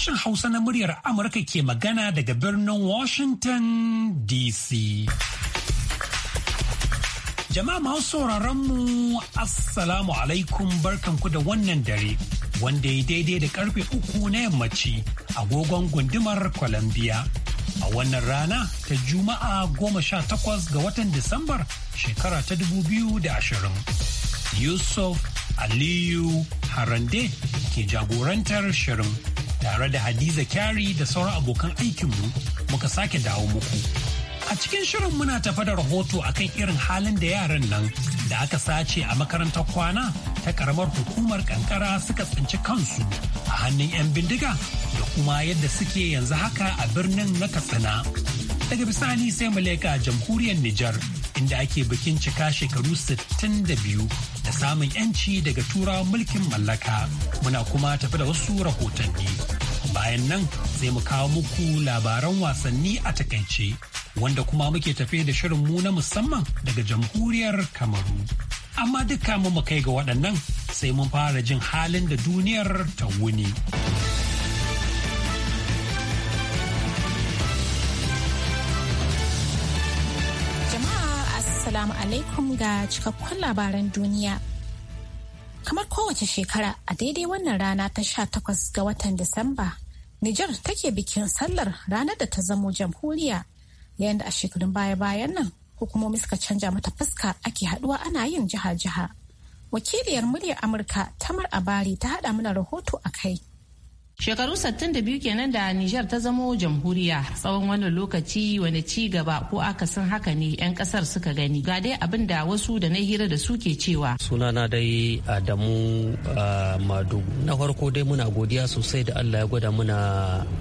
sashen Hausa na muryar Amurka ke magana daga birnin Washington DC. Jama'a masu sauraronmu Assalamu alaikum barkanku da wannan dare wanda ya daidai da karfe uku na yammaci agogon gundumar Columbia. A wannan rana ta Juma'a goma sha takwas ga watan Disambar shekara ta dubu biyu da ashirin. Yusuf Aliyu Harande ke jagorantar shirin tare da Hadiza Kyari da sauran abokan aikinmu muka sake dawo muku. A cikin shirin muna tafa da rahoto akan irin halin da yaran nan da aka sace a makarantar kwana ta karamar hukumar kankara suka tsinci kansu a hannun 'yan bindiga da kuma yadda suke yanzu haka a birnin na Katsina. Daga bisani sai mu leka jamhuriyar Nijar. inda ake bikin cika shekaru 62 da samun 'yanci daga turawan mulkin mallaka muna kuma tafi da wasu rahotanni bayan nan sai mu kawo muku labaran wasanni a takaice wanda kuma muke tafe da shirin mu na musamman daga jamhuriyar kamaru amma duka mu kai ga waɗannan sai mun fara jin halin da duniyar ta wuni. alaikum ga cikakkun labaran duniya. Kamar kowace shekara a daidai wannan rana ta sha takwas ga watan Disamba, Nijar take bikin sallar ranar da ta zamo jamhuriya yayin da a shekarun baya-bayan nan hukumomi suka canja mata fuska ake haduwa ana yin jiha-jiha. Wakiliyar muryar Amurka Tamar Abari ta haɗa mana rahoto a kai. Shekaru 62 kenan da Nijar ta zama jamhuriya tsawon wannan lokaci wani ci gaba ko akasin haka ne 'yan kasar suka gani. Ga dai abin da wasu da na hira da su ke cewa. Sunana dai Adamu Madugu. Na farko dai muna godiya sosai da Allah ya gwada muna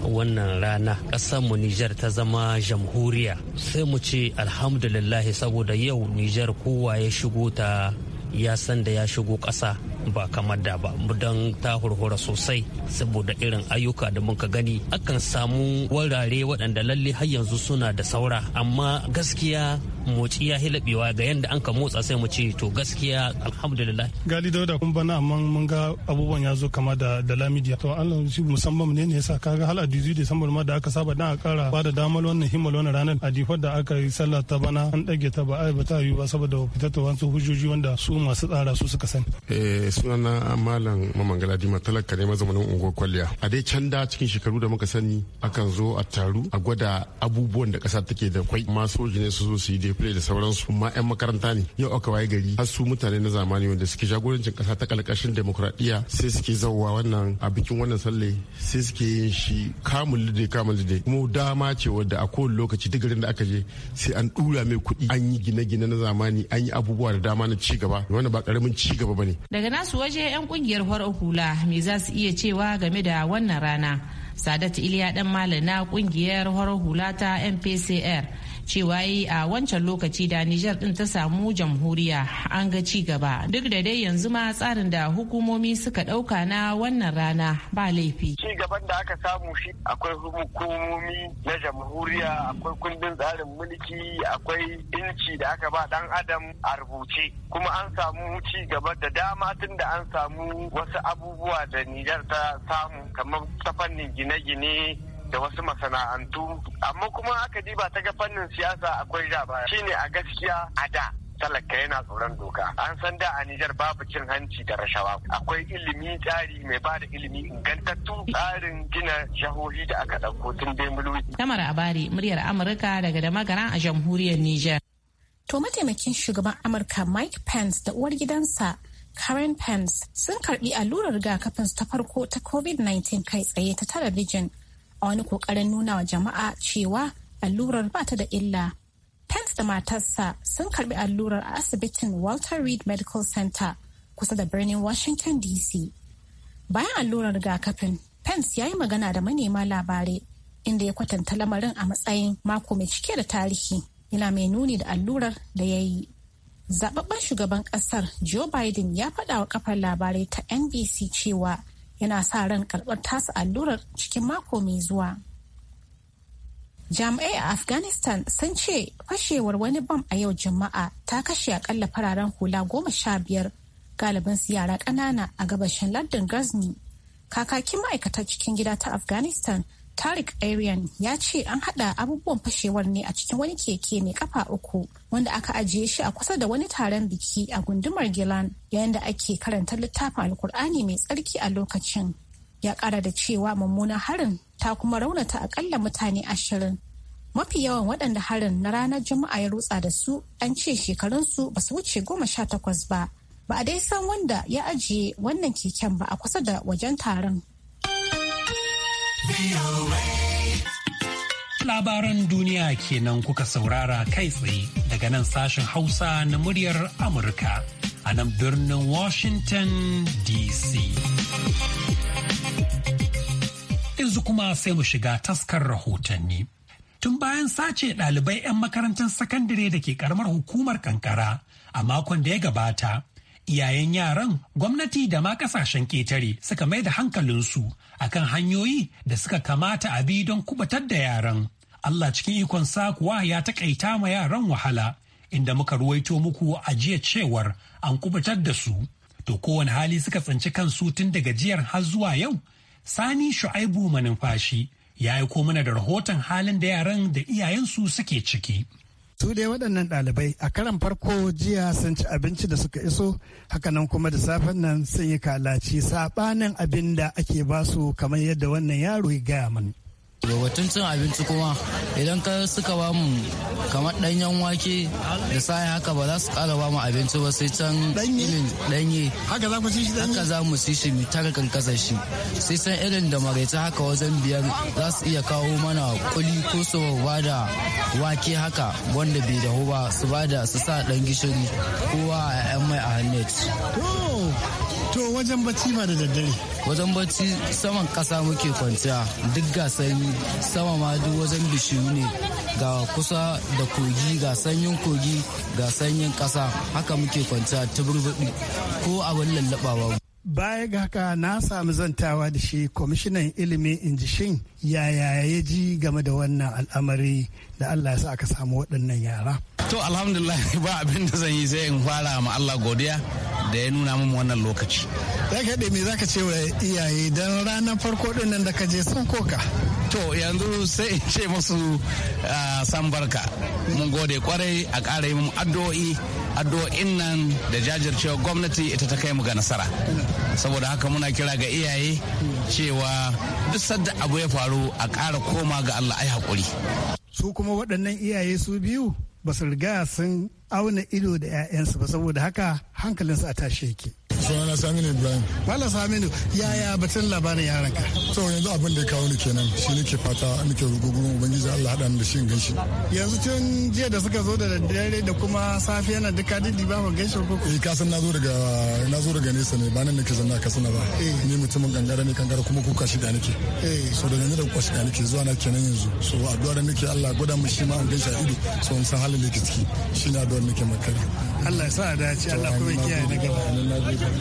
wannan rana. mu Nijar ta zama jamhuriya. Sai mu ce alhamdulillah saboda yau Nijar kowa ya shigo ta ya san da ya shigo ƙasa ba kamar da ba don ta hurhura sosai saboda irin ayyuka da muka gani akan samu wurare waɗanda lalle har yanzu suna da saura amma gaskiya motsi ya hilabewa ga yanda an ka motsa sai mu ce to gaskiya alhamdulillah gali dauda kun bana amma mun ga abubuwan ya zo kama da da lamidiya to Allah shi musamman ne ne yasa kaga hal a da December ma da aka saba dan a kara ba da damar wannan himmal wannan ranar a da aka yi sallah ta bana an dage ta ba ai ba ta yi ba saboda ta wasu hujjoji wanda su masu tsara su suka sani eh sunana malam mamangala dima talaka ne mazaunin unguwar kwalliya a dai can da cikin shekaru da muka sani akan zo a taru a gwada abubuwan da kasa take da kwai ma ne su zo su yi dai play da sauransu ma 'yan makaranta ne yau aka waye gari har su mutane na zamani wanda suke jagorancin kasa ta kalkashin demokradiyya sai suke zauwa wannan a bikin wannan salle sai suke yin shi kamun lide kamun lide kuma dama ce wadda a kowane lokaci duk garin da aka je sai an dura mai kuɗi an yi gine-gine na zamani an yi abubuwa da dama na ci gaba wannan ba karamin ci gaba bane daga nasu waje 'yan kungiyar farar hula me za su iya cewa game da wannan rana sadat iliya dan malam na kungiyar farar hula ta mpcr cewa yi a wancan lokaci da Nijar din ta samu jamhuriya an ga ci gaba duk da dai yanzu ma tsarin da hukumomi suka ɗauka na wannan rana ba laifi. Ci gaban da aka samu shi akwai hukumomi na jamhuriya akwai kundin tsarin mulki akwai inci da aka ba dan adam a rubuce kuma an samu ci gaba da dama tun da an samu wasu abubuwa da Nijar ta samu kamar ta fannin gine-gine da wasu masana'antu amma kuma aka ba ta ga fannin siyasa akwai ja Shi shine a gaskiya a da talaka yana tsoron doka an san da a Nijar babu cin hanci da rashawa akwai ilimi tsari mai ba da ilimi ingantattu tsarin gina jahohi da aka ɗauko tun demulu. Kamar Abari muryar Amurka daga da magana a jamhuriyar Nijar. To mataimakin shugaban Amurka Mike Pence da uwar gidansa Karen Pence sun karbi allurar rigakafin ta farko ta COVID-19 kai tsaye ta talabijin a wani kokarin nuna wa jama'a cewa allurar ba ta da illa. Pence da matarsa sun karbi allurar a asibitin Walter Reed Medical Center kusa da birnin Washington DC. Bayan allurar rigakafin, Pence ya yi magana da manema labarai inda ya kwatanta lamarin a matsayin mako mai cike da tarihi yana mai nuni da allurar da ya yi. Zababben shugaban kasar Joe Biden ya faɗa wa kafar labarai ta NBC cewa yana sa ran karɓar tasa allurar cikin mako mai zuwa. Jami'ai a Afghanistan sun ce fashewar wani bam a yau Juma'a ta kashe akalla fararen hula goma sha biyar galibin su yara ƙanana a gabashin lardin Ghazni. Kakakin ma'aikata cikin gida ta Afghanistan Tariq Arian ya ce an hada abubuwan fashewar ne a cikin wani keke mai kafa uku wanda aka ajiye shi a kusa da wani taron biki a gundumar Gilan yayin da ake karanta littafin Alkur'ani mai tsarki a lokacin. Ya kara da cewa mummunan harin ta kuma raunata akalla mutane ashirin. Mafi yawan waɗanda harin na ranar Juma'a ya rutsa da su an ce shekarunsu ba su wuce goma sha takwas ba. Ba a dai san wanda ya ajiye wannan keken ba a kusa da wajen taron. Labaran duniya kenan kuka saurara kai tsaye daga nan sashen Hausa na muryar Amurka a nan birnin Washington DC. Yanzu kuma sai mu shiga taskar rahotanni. Tun bayan sace ɗalibai 'yan makarantar sakandare da ke ƙaramar hukumar kankara a makon da ya gabata. iyayen yaran gwamnati da ma kasashen ketare suka mai da hankalinsu akan hanyoyi da suka kamata a bi don kubatar da yaran Allah cikin ikon sa kuwa ya takaita ma yaran wahala inda muka ruwaito muku a jiya cewar an kubatar da su to kowane hali suka tsinci kansu tun da gajiyar har zuwa yau sani shu'aibu manumfashi ya aiko mana da rahoton halin da yaran da iyayensu suke ciki Su dai waɗannan ɗalibai a karan farko jiya sun ci abinci da suka iso hakanan kuma da safen nan sun yi kalaci saɓanin abin da ake basu kamar yadda wannan yaro ya gaya mani. batun cin abinci kuma idan ka suka ba mu kamar danyen wake da sai haka ba za su kara ba mu abinci ba sai can danye haka za mu shi haka za mu sishi mu tara shi sai san irin da maraice haka wajen biyar za su iya kawo mana kuli ko su ba da wake haka wanda bai dahu ba su ba da su sa dan gishiri kowa a yan mai a hannet To wajen bacci ba da daddare. Wajen bacci saman kasa muke kwanciya duk ga sanyi sama ma duk wajen bishiyu ne ga kusa da kogi ga sanyin kogi ga sanyin kasa haka muke kwanciya ta tuburbuɗi ko abin lallaɓawa. Baya ga haka na sami zantawa da shi kwamishinan ilimin injishin yaya ya ji game da wannan al'amari da Allah ya sa aka samu waɗannan yara. To alhamdulillah ba abin da zan yi sai in fara ma Allah godiya da ya nuna mun wannan lokaci ya kaɗe me za ka ce wa iyaye don ranar farko ɗin nan da ka je sun koka to yanzu sai in ce musu ah, san barka mun gode kwarai a ƙara yi mu addu'o'i addu'o'in nan da jajircewa gwamnati ita ta kai mu ga nasara saboda haka muna kira ga iyaye cewa duk sadda abu ya faru a ƙara koma ga Allah ai haƙuri su kuma waɗannan iyaye su biyu ba su riga sun auna ido da 'ya'yansu ba saboda haka hankalinsu a tashi yake sunana Saminu Ibrahim. Wala Saminu yaya batun labarin yaran ka? So yanzu abin da ya kawo ni kenan shi nake fata nake rugugurin ubangiji Allah haɗa da shin ganshi. Yanzu tun jiya da suka zo da daddare da kuma safiya na duka didi ba mu gaishe ko. Eh ka san na zo daga na zo daga nesa ne ba nan nake zanna ka sana ba. Eh. Ni mutumin gangara ne gangara kuma kuka shi da nake. Eh So da nan da kuka shi da nake zuwa na kenan yanzu. So addu'a da nake Allah gwada mu shi ma in ganshi a ido so in san halin da yake ciki. Shi na addu'ar nake makara. Allah ya sa a dace Allah kuma ya kiyaye daga. gaba.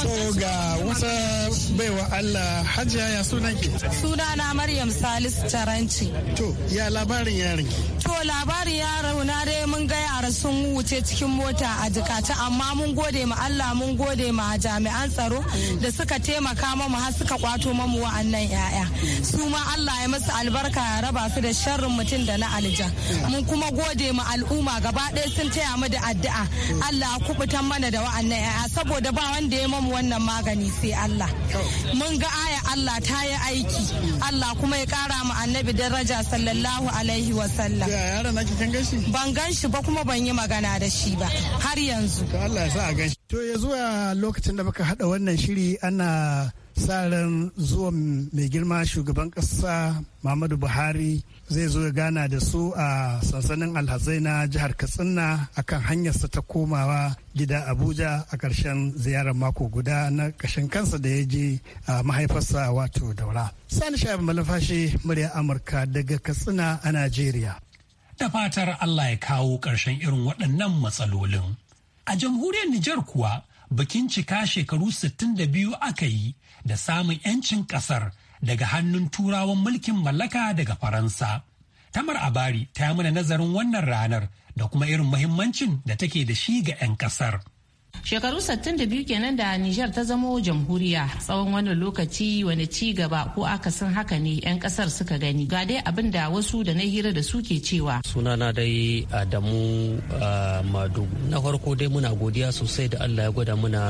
To ga wata baiwa Allah hajiya ya suna ke. Suna na Maryam Salisu Taranci. To ya labarin yaron ki. To labarin yaro na dai mun ga yara sun wuce cikin mota a jikata amma mun gode ma Allah mun gode ma jami'an tsaro da suka taimaka mamu har suka kwato mamu wa'annan yaya. Su ma Allah ya masu albarka ya raba su da sharrin mutum da na alja Mun kuma gode ma al'umma gaba ɗaya sun taya mu da addu'a. Allah ya kubutan mana da wa'annan yaya saboda ba wanda ya mamu wannan magani sai Allah mun ga aya Allah ta yi aiki Allah kuma ya kara mu annabi daraja sallallahu alaihi wa sallam ya yaron naki kan gashi. ban ganshi ba kuma ban yi magana da shi ba har yanzu Allah ya sa a ganshi to ya zuwa lokacin da muka haɗa wannan shiri ana sa ran zuwan mai girma shugaban ƙasa Muhammadu Buhari zai zo ya gana da su a sansanin alhazai na jihar Katsina a kan hanyarsa ta komawa gida Abuja a ƙarshen ziyarar mako guda na ƙashin kansa da ya je a mahaifarsa wato daura. Sani Shabi Malafashi murya Amurka daga Katsina a Najeriya. Da fatar Allah ya kawo ƙarshen irin waɗannan matsalolin. A jamhuriyar Nijar kuwa bikin cika shekaru 62 aka yi da samun 'yancin ƙasar daga hannun turawan mulkin mallaka daga Faransa. Tamar Abari ta yi mana nazarin wannan ranar da kuma irin muhimmancin da take da shi ga 'yan ƙasar. Shekaru 62 kenan da Nijar ta zama jamhuriya tsawon wannan lokaci wani ci gaba ko akasin haka ne 'yan kasar suka gani. Ga dai abin da wasu da na hira da suke cewa. Sunana dai Adamu ah, Madu. Na farko dai muna godiya sosai da Allah ya gwada muna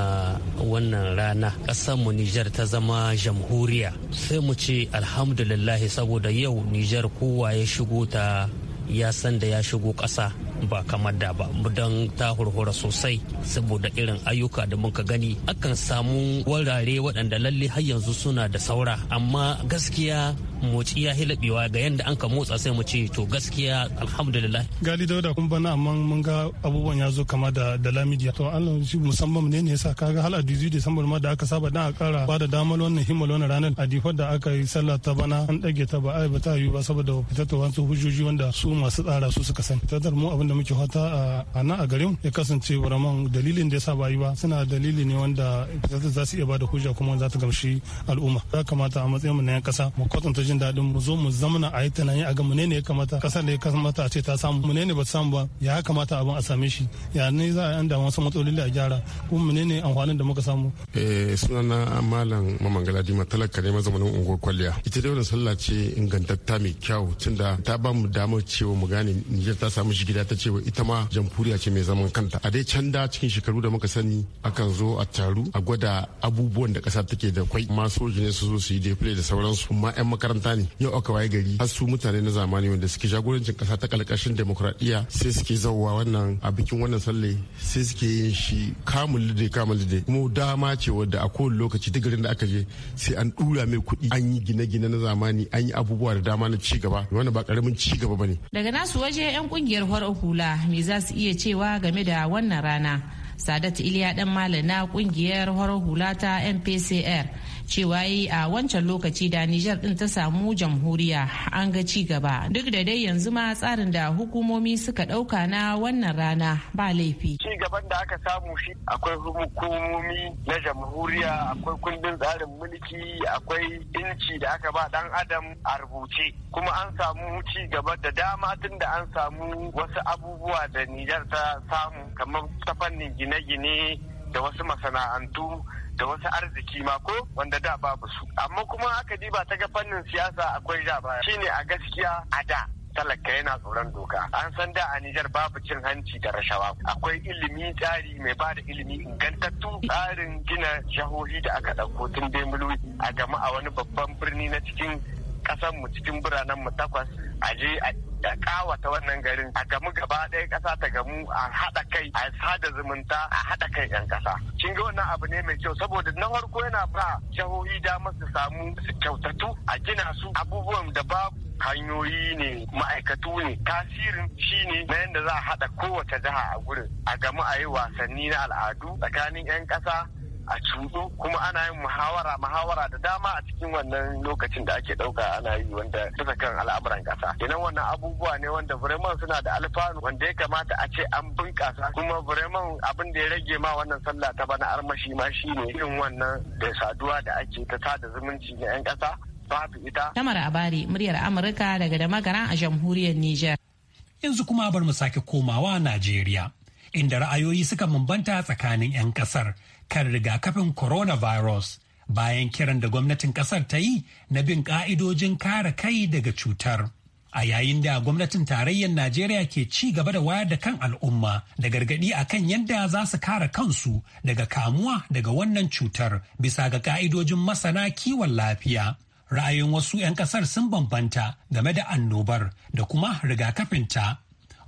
wannan rana. mu Nijar ta zama jamhuriya. Sai mu ce alhamdulillahi saboda yau Nijar kowa ya shigo ta ya san da ya shigo ƙasa. ba kamar da ba don ta hurhura sosai saboda irin ayyuka da muka gani akan samu wurare waɗanda lalle har yanzu suna da saura amma gaskiya motsi ya hilabewa ga yadda an ka motsa sai mu ce to gaskiya alhamdulillah gali dauda kun bana amma mun ga abubuwan ya zo kama da da lamidiya to Allah shi musamman ne ne yasa kaga hal a 18 December ma da aka saba dan a kara ba da damar wannan himmal wannan ranar a da aka yi sallah ta bana an dage ta ba ai ba ta yi ba saboda da wasu hujjoji wanda su masu tsara su suka sani tatar mu abinda muke fata a nan a garin ya kasance buraman dalilin da yasa ba yi ba suna dalili ne wanda za su iya ba da hujja kuma za ta gamshi al'umma ya kamata a matsayin mu na yan kasa mu kwatanta jin daɗin mu zo mu zamana a yi tunani a ga mu ne ya kamata kasar da ya kamata a ce ta samu mu ne ba ta samu ba ya kamata abin a same shi ya ne za a yanda wasu matsaloli a gyara ko mu ne amfanin da muka samu. Eh, sunana malam mamangala dima talaka ne mazamanin unguwar kwalliya ita dai wani sallah ce ingantatta mai kyau tunda ta ba mu damar cewa mu gane nijar ta samu gida ta ce cewa ita ma jamhuriya ce mai zaman kanta a dai can da cikin shekaru da muka sani akan zo a taru a gwada abubuwan da kasa take da kwai ma soji su zo su yi da sauransu ma 'yan makaranta ne yau aka waye gari har su mutane na zamani wanda suke jagorancin kasa ta kalkashin demokradiyya sai suke zauwa wannan a bikin wannan sallai sai suke yin shi kamun lide kamun lide kuma dama ce wadda a kowane lokaci duk garin da aka je sai an dura mai kuɗi an yi gine-gine na zamani an yi abubuwa da dama na ci gaba wannan ba karamin ci gaba bane daga nasu waje yan kungiyar horo hula me za su iya cewa game da wannan rana sadat iliya dan malam na kungiyar horo hula ta mpcr cewa yi a wancan lokaci da Nijar din ta samu jamhuriya an ga ci gaba duk da dai yanzu ma tsarin da hukumomi suka ɗauka na wannan rana ba laifi. Ci gaban da aka samu shi akwai hukumomi na jamhuriya akwai kundin tsarin mulki akwai inci da aka ba dan adam a rubuce kuma an samu ci gaba da dama tun da an samu wasu abubuwa da Nijar ta samu kamar ta fannin gine-gine da wasu masana'antu da wasu arziki ma ko wanda da babu su amma kuma aka diba ta ga fannin siyasa akwai ja baya shine a gaskiya a da talaka yana tsoron doka an san da a Nijar babu cin hanci da rashawa akwai ilimi tsari mai ba da ilimi ingantattu tsarin gina jahohi da aka ɗauko tun dai a gama a wani babban birni na cikin kasan mu cikin biranen mu takwas a je a kawata wannan garin a gamu gaba ɗaya ƙasa ta gamu a haɗa kai a sada zumunta a haɗa kai 'yan ƙasa. Kin ga wannan abu ne mai kyau saboda na farko yana ba jahohi damar su samu su kyautatu a gina su abubuwan da ba hanyoyi ne ma'aikatu ne tasirin shi ne na yadda za a haɗa kowace jiha a gurin a gamu a yi wasanni na al'adu tsakanin 'yan ƙasa a cudo kuma ana yin muhawara muhawara da dama a cikin wannan lokacin da ake ɗauka ana yi wanda bisa kan al'amuran kasa idan wannan abubuwa ne wanda vraiment suna da alfanu wanda ya kamata a ce an bunkasa kuma vraiment abin da ya rage ma wannan sallah ta bana armashi ma ne irin wannan da saduwa da ake ta sada zumunci na 'yan kasa babu ita. Tamar Abari muryar Amurka daga da magana a jamhuriyar niger. Yanzu kuma bar mu sake komawa Najeriya. Inda ra'ayoyi suka bambanta tsakanin 'yan kasar kan rigakafin coronavirus bayan kiran da gwamnatin kasar ta yi na bin ka'idojin kare kai daga cutar. A yayin da gwamnatin tarayyar Najeriya ke ci gaba da wayar da kan al'umma da gargadi a kan yadda za su kare kansu daga kamuwa daga wannan cutar bisa ga ka'idojin masana kiwon lafiya. Ra'ayin wasu 'yan kasar sun bambanta game da annobar da kuma rigakafinta.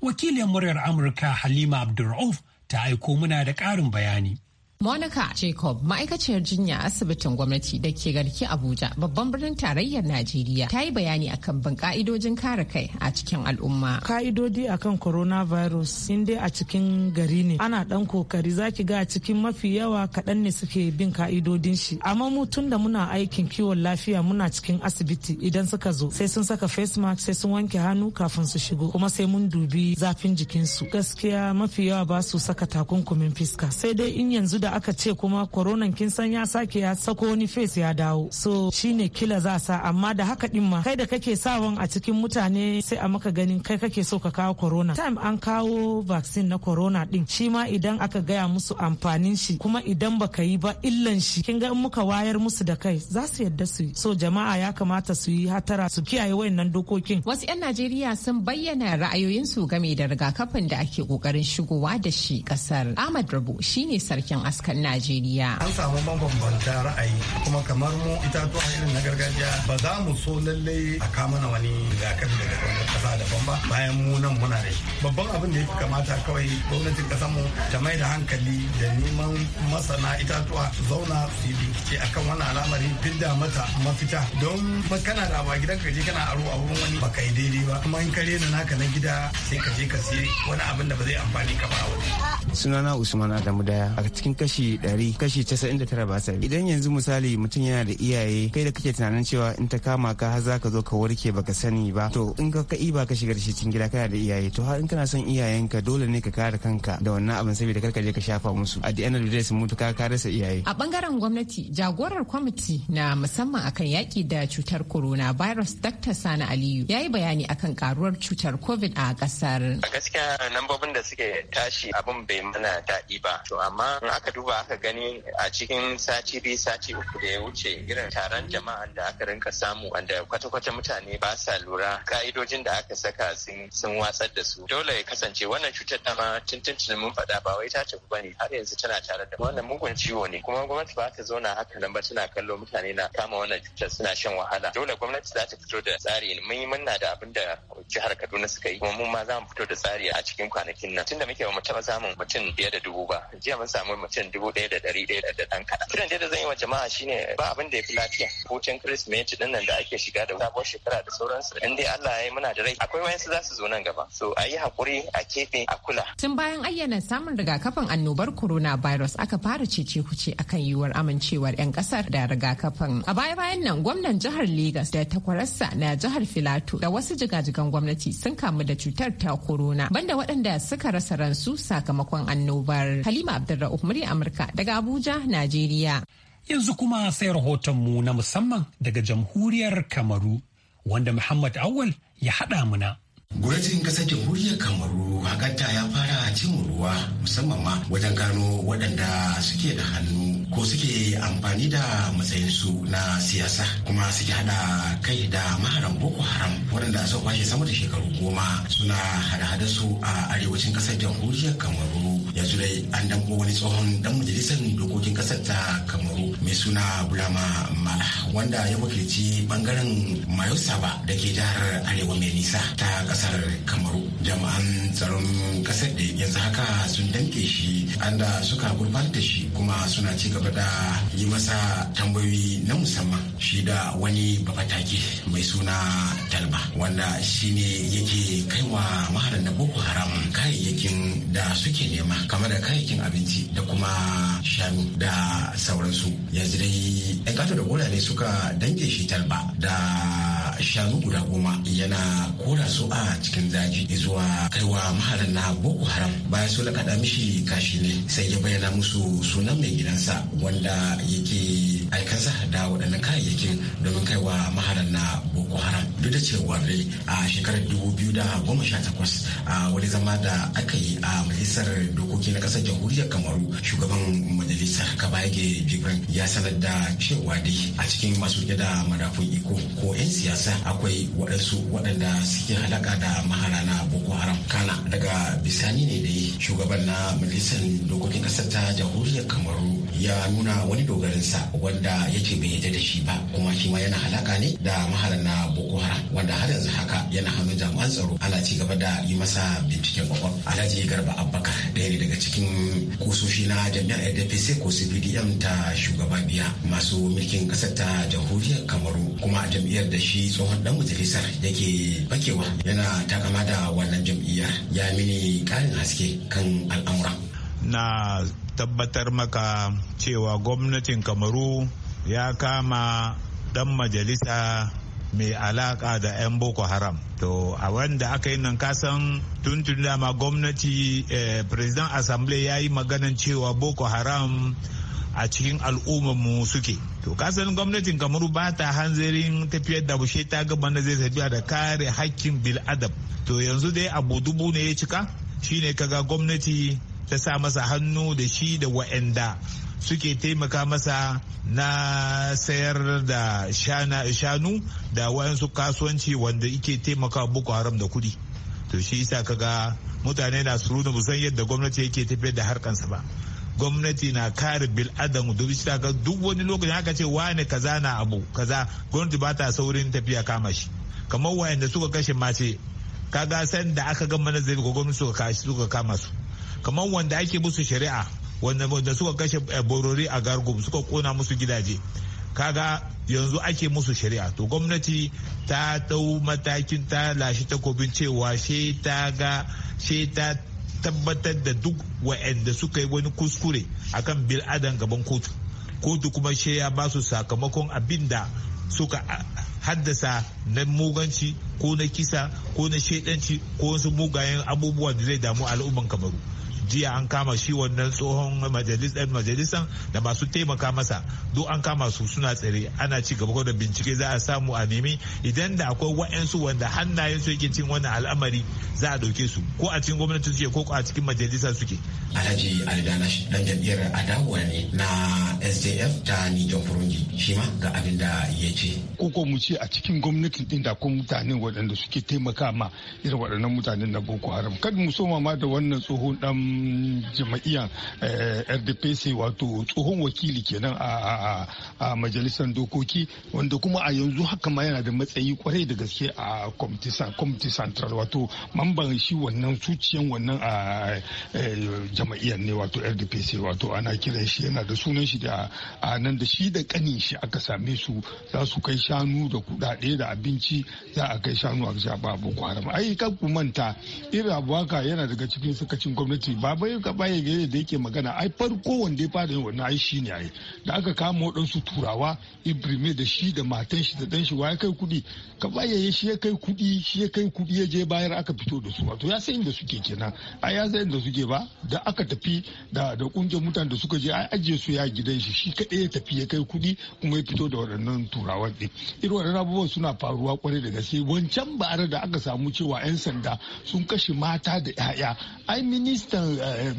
Wakilin muryar Amurka Halima Abdulrauf ta aiko muna da ƙarin bayani. Monica Jacob ma'aikaciyar jinya asibitin gwamnati da ke garki Abuja babban birnin tarayyar Najeriya ta yi bayani akan bin ka'idojin kare kai a cikin al'umma. Ka'idodi akan coronavirus in dai a cikin gari ne ana dan kokari zaki ga a cikin mafi yawa kaɗan ne suke bin ka'idodin shi. Amma mu tun da muna aikin kiwon lafiya muna cikin asibiti idan suka zo sai sun saka face mask sai sun wanke hannu kafin su shigo kuma sai mun dubi zafin jikinsu. Gaskiya mafi yawa ba su saka takunkumin fiska sai dai in yanzu da aka ce kuma koronan kin san ya sake ya sako wani face ya dawo so shine kila za sa amma da haka din ma kai da kake sawan a cikin mutane sai a maka ganin kai kake so ka kawo corona time an kawo vaccine na corona din shi ma idan aka gaya musu amfanin shi kuma idan baka yi ba illan shi kin ga muka wayar musu da kai za su yadda su yi so jama'a ya kamata su yi hatara su kiyaye wayannan dokokin wasu 'yan Najeriya sun bayyana ra'ayoyinsu game da rigakafin da ake kokarin shigowa da shi kasar Ahmad rabo shine sarkin askan Najeriya. An samu bambanta ra'ayi kuma kamar mu itatuwa irin na gargajiya ba za mu so lalle a kama wani rigakafi daga gwamnatin kasa daban ba bayan mu nan muna da shi. Babban abin da ya fi kamata kawai gwamnatin kasar mu ta mai da hankali da neman masana itatuwa su zauna su yi bincike akan wannan al'amari fidda mata mafita don kana da ba gidan kaje kana aro a wurin wani baka yi daidai ba kuma in kare na naka na gida sai ka je ka siye wani abin da ba zai amfani ka ba a wani. Sunana Usman Adamu Daya a cikin kashi 100 kashi 99 ba sa idan yanzu misali mutum yana da iyaye kai da kake tunanin cewa in ta kama ka har za ka zo ka warke baka sani ba to in ka ka ba ka shiga da shi cikin gida kana da iyaye to har in kana son iyayenka dole ne ka kare kanka da wannan abin saboda kar ka je ka shafa musu a the end of the day sun mutu ka kare su iyaye a bangaren gwamnati jagorar kwamiti na musamman akan yaki da cutar corona virus Dr. Sani Aliyu ya yi bayani akan karuwar cutar COVID a kasar a gaskiya lambobin da suke tashi abin bai mana daɗi ba to amma in aka duba aka gani a cikin sati biyu sati uku da ya wuce irin taron jama'a da aka rinka samu wanda kwata-kwata mutane ba sa lura ka'idojin da aka saka sun watsar da su dole ya kasance wannan cutar dama tuntuntun mun faɗa ba wai ta tafi ne har yanzu tana tare da wannan mugun ciwo ne kuma gwamnati ba ta zauna haka nan ba tana kallo mutane na kama wannan cutar suna shan wahala dole gwamnati za ta fito da tsari mun yi murna da abin da jihar Kaduna suka yi kuma mun ma za mu fito da tsari a cikin kwanakin nan tunda muke ba mu taɓa samun mutum biyar da dubu ba jiya mun samu mutum kiran dubu ɗaya da ɗari ɗaya da ɗan kaɗan. Kiran da zan yi wa jama'a shine ba abin da ya fi lafiya hutun Kirsimeti din nan da ake shiga da sabuwar shekara da sauransu in dai Allah ya yi muna da rai akwai wayansu za su zo nan gaba so a yi hakuri a kefe a kula. tun bayan ayyana samun rigakafin annobar corona coronavirus aka fara cece kuce akan yiwuwar amincewar 'yan kasar da rigakafin a baya bayan nan gwamnan jihar Legas da takwararsa na jihar Filato da wasu jigajigan gwamnati sun kamu da cutar ta corona banda waɗanda suka rasa ransu sakamakon annobar. Halima Abdulra'uf murya Amurka daga Abuja, Najeriya. Yanzu kuma sai rahotonmu na musamman daga jamhuriyar Kamaru, wanda Muhammad Awal ya haɗa muna. gwajin kasar jamhuriyar Kamaru hakanta ya fara cin ruwa musamman ma wajen gano waɗanda suke da hannu ko suke amfani da matsayinsu na siyasa kuma suke hada kai da maharan boko haram waɗanda su kwashe sama da shekaru goma suna hada-hada su a arewacin ƙasar jamhuriyar kamaru Ya dai an damko wani tsohon dan majalisar dokokin ƙasar ta kamaru mai suna bulama mala wanda ya wakilci bangaren mayo saba da ke jihar arewa mai nisa ta ƙasar kamaru jama'an tsaron ƙasar da yanzu haka sun danke shi an da suka gurfanta da shi kuma suna ci gaba gaba da yi masa tambayoyi na musamman shi da wani babatake mai suna talba wanda shine yake kaiwa maharan na boko haram kayayyakin da suke nema kamar da kayayyakin abinci da kuma shanu da sauransu yanzu dai 'yan kato da gora ne suka danke shi talba da shanu guda goma yana kora su a cikin zaji. zuwa kaiwa maharin na boko haram bayan su lakaɗa mishi kashi ne sai ya bayyana musu sunan mai gidansa wanda yake aikansa da waɗannan kayayyakin domin kaiwa maharan na boko haram duk da cewa dai a shekarar dubu biyu da goma sha takwas a wani zama da aka yi a majalisar dokoki na ƙasar jamhuriyar kamaru shugaban majalisar kabayage jibrin ya sanar da cewa dai a cikin masu rike da madafun iko ko 'yan siyasa akwai waɗansu waɗanda suke halaka da mahara na boko haram kana daga bisani ne dai shugaban na majalisar dokokin ƙasar ta jamhuriyar kamaru ya nuna wani dogarinsa wanda yake bai yadda da shi ba kuma shi ma yana halaka ne da maharan na boko haram wanda har yanzu haka yana hannun jami'an tsaro ana ci gaba da yi masa binciken kwakwa alhaji garba Abubakar ɗaya ne daga cikin kusoshi na jami'ar adpc ko cbdm ta shugaba biya masu mulkin ƙasar ta jamhuriyar kamaru kuma jam'iyyar da shi tsohon dan majalisar yake bakewa yana takama da wannan jam'iyyar ya mini ƙarin haske kan al'amura na tabbatar maka cewa gwamnatin kamaru ya kama dan majalisa mai alaka da 'yan boko haram to a wanda aka yi nan kasan tuntun dama gwamnati eh, president assembly ya yi maganan cewa boko haram a cikin mu suke to kasan gwamnatin kamaru ba ta hanzarin tafiyar da bushe ta gaba na zai tafiya da kare hakkin bil'adam to yanzu dai abu dubu ne ya cika shine kaga gwamnati ta sa masa hannu da shi da wa'anda suke taimaka masa na sayar da shanu da wayansu kasuwanci wanda ike taimaka boko haram da kudi to shi isa kaga mutane na suru da musan yadda gwamnati yake tafiyar da harkansa ba gwamnati na kare bil adam duk shi ga duk wani lokacin haka ce wani kaza na abu kaza gwamnati ba ta saurin tafiya kama shi kamar wayanda suka kashe mace kaga san da aka ga manazari ko gwamnati suka kama su kamar wanda ake musu shari'a wanda da suka kashe eh, borori a gargum suka kona musu gidaje kaga yanzu ake musu shari'a to gwamnati ta dau matakin ta lashe takobin cewa she ta tabbatar da duk wa'anda suka yi wani kuskure akan bil bil'adan gaban kotu kotu kuma she ya ba su sakamakon abinda suka haddasa na muganci ko na kisa ko na shaidanci ko wasu mugayen abubuwa da zai damu al'umman kamaru jiya an kama shi wannan tsohon majalis ɗan majalisan da masu taimaka masa duk an kama su suna tsare ana ci gaba da bincike za a samu a nemi idan da akwai wa'ansu wanda hannayen su yake cin wannan al'amari za a ɗauke su ko a cikin gwamnati suke ko a cikin majalisa suke. Alhaji Alidana dan jam'iyyar adawa ne na SJF ta Nijon Furundi shi ma ga abin da ya ce. Ko mu ce a cikin gwamnatin din da ko mutanen waɗanda suke taimaka ma irin waɗannan mutanen na Boko Haram. Kada mu soma ma da wannan tsohon dan dan jama'iyyar eh, rdpc wato tsohon wakili kenan a majalisar dokoki wanda kuma a yanzu haka ma yana da matsayi kwarai da gaske a kwamiti central wato mamban shi wannan suciyan wannan a jama'iyyar ne wato rdpc wato ana kiran shi yana da sunan shi da nan da shi da kanin shi aka same su za su kai shanu da kudade da abinci za a kai shanu a ba boko haram ai kan ku manta irin abuwaka yana daga cikin sakacin gwamnati ba bai ka baye gare da yake magana ai farko wanda ya fara yin wannan ai shi ne ai da aka kama waɗansu turawa ibrime da shi da matan shi da dan shi ya kai kuɗi ka ya shi ya kai kuɗi shi ya kai kuɗi ya je bayar aka fito da su wato ya sai inda suke kenan ai ya sai inda suke ba da aka tafi da da kungiyar mutan da suka je ai ajiye su ya gidan shi shi kaɗai ya tafi ya kai kuɗi kuma ya fito da waɗannan turawan din irin waɗannan abubuwan suna faruwa kwarai da gaske wancan bara da aka samu cewa 'yan sanda sun kashe mata da 'ya'ya ai ministan Eh,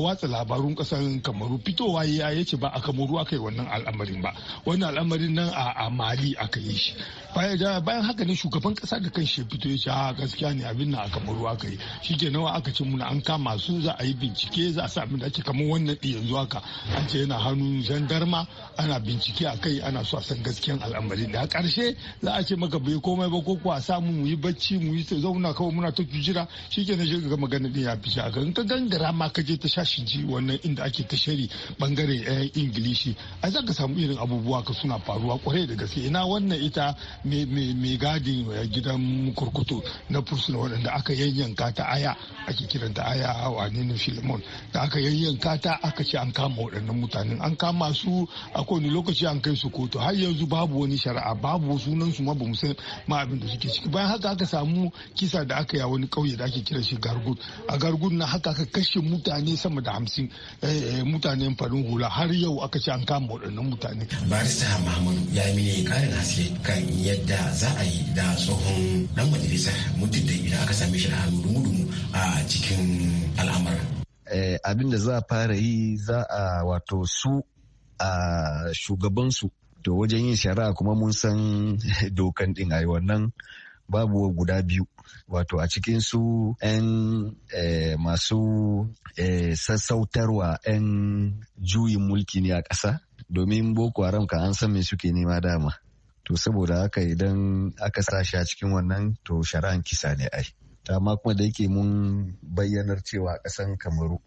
watsa labarun kasar kamaru fitowa ya ya ce ba a kamaru aka yi wannan al'amarin ba wannan al'amarin nan a mali aka yi shi bayan haka ne shugaban kasa da kan shi fito ya ce a ah, gaskiya ne abin nan a kamaru aka yi shi ke nawa aka ce muna an kama su za a yi bincike za a sa abin da ake kamar wannan ɗin yanzu haka an ce yana hannun zandarma ana bincike a kai ana so a san gaskiyan al'amarin da a karshe za a ce maka bai komai ba ko kuwa samu mu yi bacci mu yi zauna kawai muna ta jira shi ke na ga magana ɗin ya fi shi a kan can da rama ka je ta shashin ji wannan inda ake ta shari bangare yan eh, ingilishi a za ka samu irin abubuwa ka suna faruwa kwarai da gaske ina wannan ita mai gadin eh, gidan kurkutu na fursuna waɗanda aka yayyanka ta aya ake kiranta aya a ne filimon da aka yayyanka ta aka ce an kama waɗannan mutanen an kama su a kowane lokaci an kai su kotu har yanzu babu wani shari'a babu sunan su ma bamu san ma abin da suke ciki bayan haka aka samu kisa da aka yi wani kauye da ake kiran shi gargud a gargud na haka kashe mutane sama da hamsin eh, eh, mutane farin hula har yau aka ce an kama waɗannan mutane. barista mahmud ya yi mini karin haske kan yadda za a yi da tsohon dan majalisar mutum da idan aka same shi da hannu dumu-dumu a cikin al'amarin. Eh, abin da za a fara yi za a wato su a shugabansu to wajen yin shari'a kuma mun san dokan din ayi wannan babu guda biyu wato a cikin su 'yan eh, masu eh, sassautarwa 'yan juyin mulki ne a ƙasa domin boko haram kan an san me suke nema dama to saboda haka idan aka sa shi a cikin wannan to shari'an kisa ne ai Ta amma kuma da yake mun bayyanar cewa ƙasan kamaru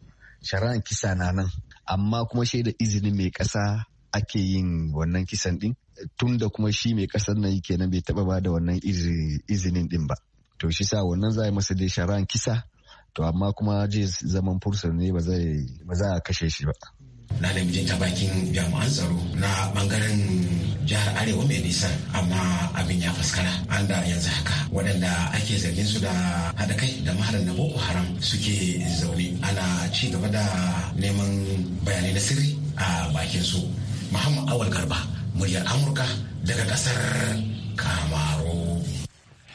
shari'an kisa na nan amma kuma shaida izini mai ƙasa ake yin wannan kisan din tun da kuma shi mai ƙasar nan kenan bai taɓa ba da wannan izinin din ba to shi sa wannan za a yi masa dai sharan kisa to amma kuma ji zaman fursa ne ba za a kashe shi ba na da mijin ta bakin jami'an tsaro na bangaren jihar arewa mai nisan amma abin ya faskara an da yanzu haka waɗanda ake zargin su da haɗa kai da maharan na boko haram suke zaune ana ci gaba da neman bayanai na sirri a bakin su muhammad awal garba muryar amurka daga ƙasar kama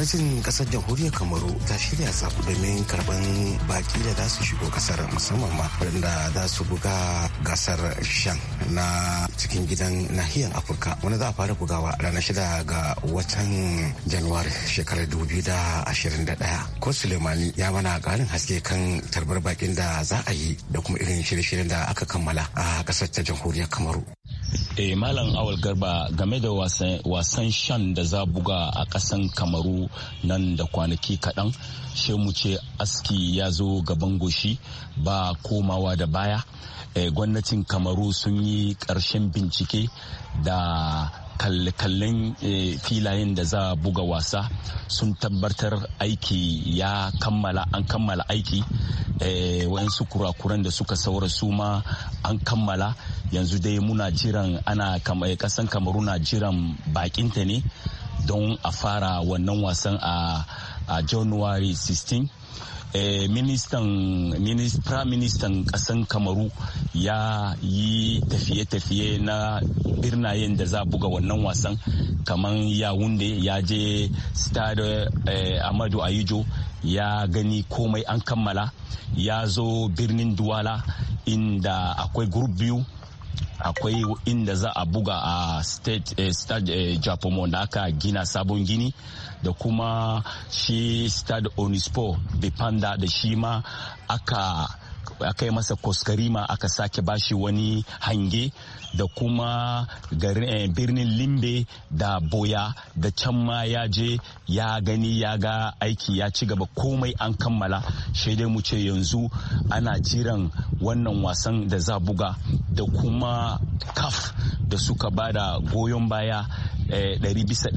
gwamnatin kasar jamhuriyar kamaru ta shirya tsaf domin karban baki da za su shigo kasar musamman ma waɗanda za su buga gasar shan na cikin gidan nahiyar afirka wanda za a fara bugawa ranar shida ga watan januwari shekarar da da ashirin daya ko sulemani ya mana karin haske kan tarbar bakin da za a yi da kuma irin shirye-shiryen da aka kammala a kasar ta jamhuriyar kamaru eh malam awal garba game da wasan shan da za buga a kasan kamaru nan da kwanaki kaɗan shi mu ce aski ya zo gaban goshi ba komawa da baya eh, gwamnatin kamaru sun yi ƙarshen bincike da kalle eh, filayen da za a buga wasa sun tabbatar aiki ya kammala an kammala aiki eh, waɗansu kurakuran da suka saura su ma an kammala yanzu dai muna jiran ana kasan eh, kamaru na jiran bakinta ne don a fara wannan wasan a january 16 Eh, ministan prime ministan kasan kamaru ya yi tafiye-tafiye na birnayen da za buga wannan wasan kamar ya wunde ya je stade eh, amadu ayijo ya gani komai an kammala ya zo birnin duwala inda akwai group biyu akwai inda za a buga a state eh, stade eh, japomo da aka gina sabon gini da kuma shi stade onispo bipanda da shi ma aka aka yi masa koskarima aka sake bashi wani hange da kuma eh, birnin limbe da boya da can ma ya je ya gani ya ga aiki ya ci gaba komai an kammala shaidai mu ce yanzu ana jiran wannan wasan da za buga da kuma kaf da suka bada goyon baya 100 eh, bisa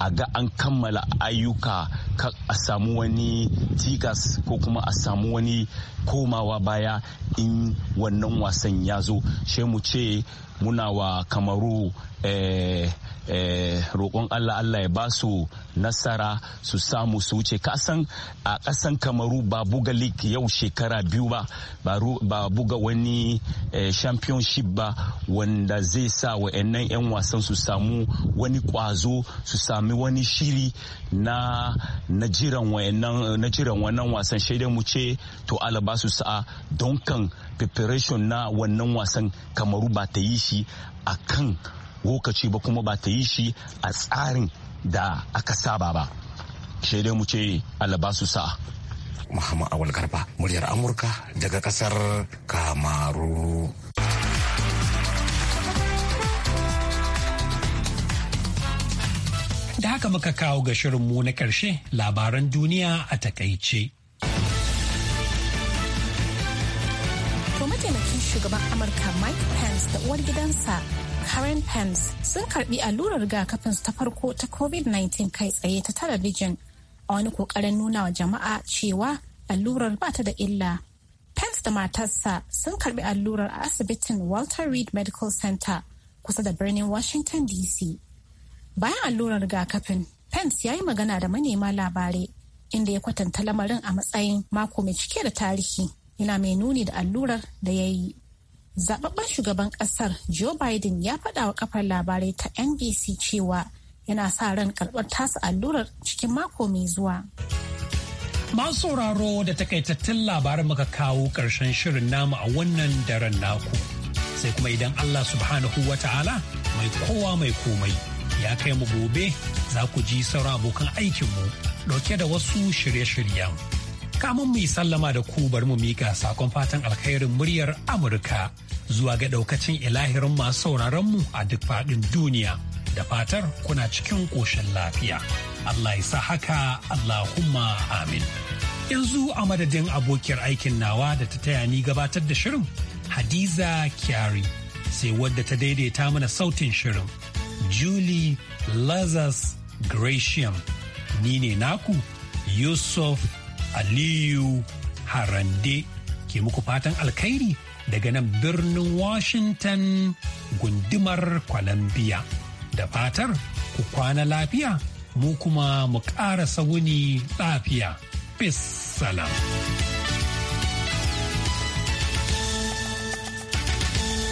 a ga an kammala ayyuka ka a samu wani tigas ko kuma a samu wani komawa baya in wannan wasan ya zo shai mu ce muna wa kamaru eh, eh, roƙon allah allah ya ba su nasara su samu su wuce kasan a ƙasan kamaru ba buga league yau shekara biyu ba ba buga wani eh, championship ba wanda zai sa wa'annan 'yan wasan su samu wani ƙwazo su samu sami wani shiri na na jiran wannan wasan shaidai mu ce to ala ba su sa'a don kan preparation na wannan wasan kamaru ba ta yi shi a kan lokaci ba kuma ba ta yi shi a tsarin da aka saba ba shaidai mu ce ala su sa'a Muhammad Awal Garba, muryar Amurka daga kasar Kamaru. Da haka muka kawo ga shirinmu na ƙarshe labaran duniya a takaice. To mataimakin shugaban Amurka Mike Pence da uwar gidansa Karen Pence sun karbi allurar rigakafin ta farko ta COVID-19 kai tsaye ta talabijin a wani kokarin nuna wa jama'a cewa allurar ba ta da illa. Pence da matarsa sun karbi allurar a asibitin Walter Reed Medical Center kusa da birnin Washington DC. Bayan allurar rigakafin, Pence ya yi magana da manema labarai inda ya kwatanta lamarin a matsayin mako mai cike da tarihi yana mai nuni da allurar da ya yi. Zababben shugaban kasar Joe Biden ya faɗa wa kafar labarai ta NBC cewa yana sa ran karɓar tasa allurar cikin mako mai zuwa. Masu sauraro da takaitattun labarin muka kawo ƙarshen shirin namu a wannan daren naku. Sai kuma idan Allah subhanahu wa ta'ala mai kowa mai komai ya kai mu gobe za ku ji sauran abokan aikinmu ɗauke da wasu shirye-shiryen. Kamun mu yi sallama da ku bari mu mika sakon fatan alkhairin muryar Amurka zuwa ga ɗaukacin ilahirin masu sauraron mu a duk faɗin duniya. Da fatar kuna cikin ƙoshin lafiya. Allah ya sa haka Allahumma amin. Yanzu a madadin abokiyar aikin nawa da ta taya ni gabatar da shirin Hadiza Kyari sai wadda ta daidaita mana sautin shirin. Julie Lazarus Gratiam. Ni ne naku Yusuf Aliyu Harande ke muku fatan alkhairi daga nan birnin Washington gundumar Columbia. Da fatar ku kwana lafiya mu kuma mu ƙara sawuni lafiya. Peace salam.